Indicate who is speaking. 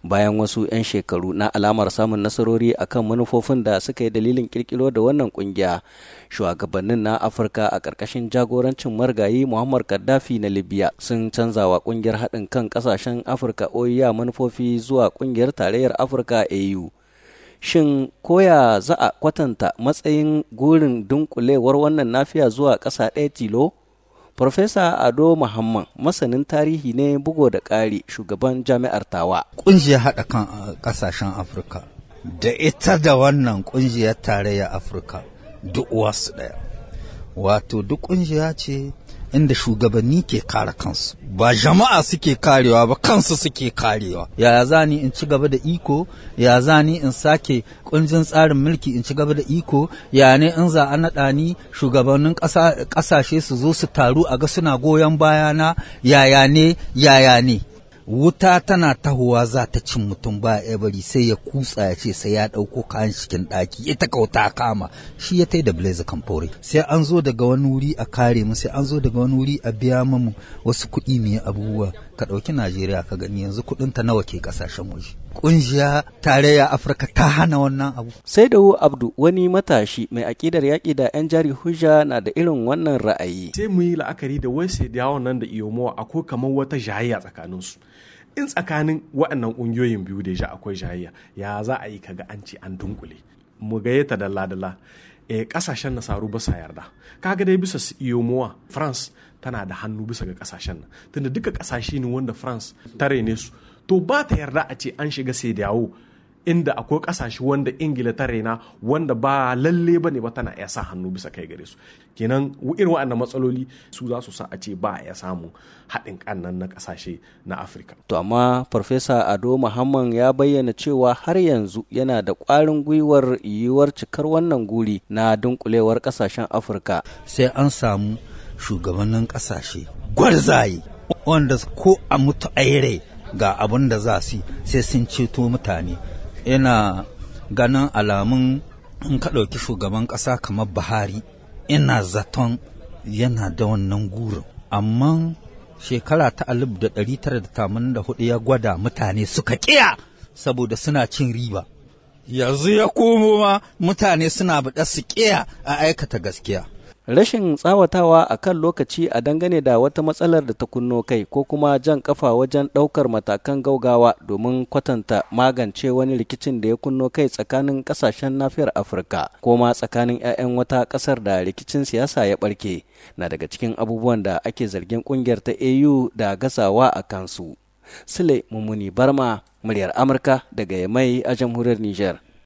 Speaker 1: bayan wasu 'yan shekaru na alamar samun nasarori a kan manufofin da suka yi dalilin kirkiro da wannan kungiya shugabannin na afirka a ƙarƙashin jagorancin margayi muhammad gaddafi na libya sun canza wa kungiyar haɗin kan ƙasashen afirka oya manufofi zuwa ƙungiyar tarayyar afirka au shin koya za a kwatanta matsayin gurin dunkulewar wannan nafiya zuwa ƙasa ɗaya tilo Profesa Ado Muhammad masanin tarihi ne bugo da ƙari shugaban jami'ar Tawa.
Speaker 2: Ƙungiyar haɗa kan ƙasashen Afirka
Speaker 1: da ita da wannan ƙungiyar tarayyar
Speaker 2: Afirka duk wasu ɗaya. Wato duk ƙungiya ce inda shugabanni ke kare kansu ba jama'a suke karewa ba kansu suke karewa ya zani in ci gaba da iko ya zani in sake kunjin tsarin mulki in ci gaba da iko ya ne in za a naɗa ni shugabannin ƙasashe su zo su taru a ga suna goyon bayana yaya ne yaya ne wuta tana tahowa za ta cin mutum ba ebari sai ya kutsa ya ce sai ya ɗauko kayan cikin ɗaki ita kauta kama shi ya tai da blazer kamfore sai an zo daga wani wuri a kare mu sai an zo daga wani wuri a biya mamu wasu kuɗi mai abubuwa ka ɗauki najeriya ka gani yanzu kuɗin ta nawa ke ƙasashen waje ƙungiya tarayya afirka ta hana wannan abu
Speaker 1: sai da abdu wani matashi
Speaker 3: mai aƙidar yaƙi da 'yan jari hujja na da irin wannan ra'ayi sai mu yi la'akari da wai sai da nan da iyo mawa akwai kamar wata jayayya tsakaninsu in tsakanin waɗannan ƙungiyoyin biyu da ya akwai jayayya ya za a yi kaga an ce an dunkule mu gayyata dalla-dalla e, eh, kasashen nasaru ba sa yarda kaga dai bisa su iyo mowa france tana da hannu bisa ga kasashen nan tunda duka kasashe ne wanda france tare ne su to ba ta yarda a ce an shiga sai dawo inda akwai kasashe wanda ingila ta raina wanda ba lalle ba ne ba tana iya sa hannu bisa kai gare su kenan irin waɗannan matsaloli su za su sa a ce ba a iya samun haɗin kannan na kasashe na afirka
Speaker 1: to amma farfesa ado muhammad ya bayyana cewa har yanzu yana da ƙwarin gwiwar yiwuwar cikar wannan guri na dunkulewar ƙasashen afirka
Speaker 2: sai an samu
Speaker 1: shugabannin ƙasashe
Speaker 2: gwarzaye wanda ko a mutu aire ga abin da za su sai sun ceto mutane ina ganin alamun in ka ɗauki shugaban ƙasa kamar buhari ina zaton yana da wannan gurin amma shekara ta alif da ɗari tara da tamanin da hudu ya gwada mutane suka ƙiya saboda suna cin riba yanzu ya komo ma mutane suna buɗe su ƙiya a aikata
Speaker 1: gaskiya rashin tsawatawa a kan lokaci a dangane da wata matsalar da ta kunno kai ko kuma jan kafa wajen ɗaukar matakan gaugawa domin kwatanta magance wani rikicin da ya kunno kai tsakanin ƙasashen nafiyar afirka ko ma tsakanin 'ya'yan wata ƙasar da rikicin siyasa ya barke na daga cikin abubuwan da ake zargin ƙungiyar ta au da gasawa a kansu sule mummuni barma muryar amurka daga yamai a jamhuriyar niger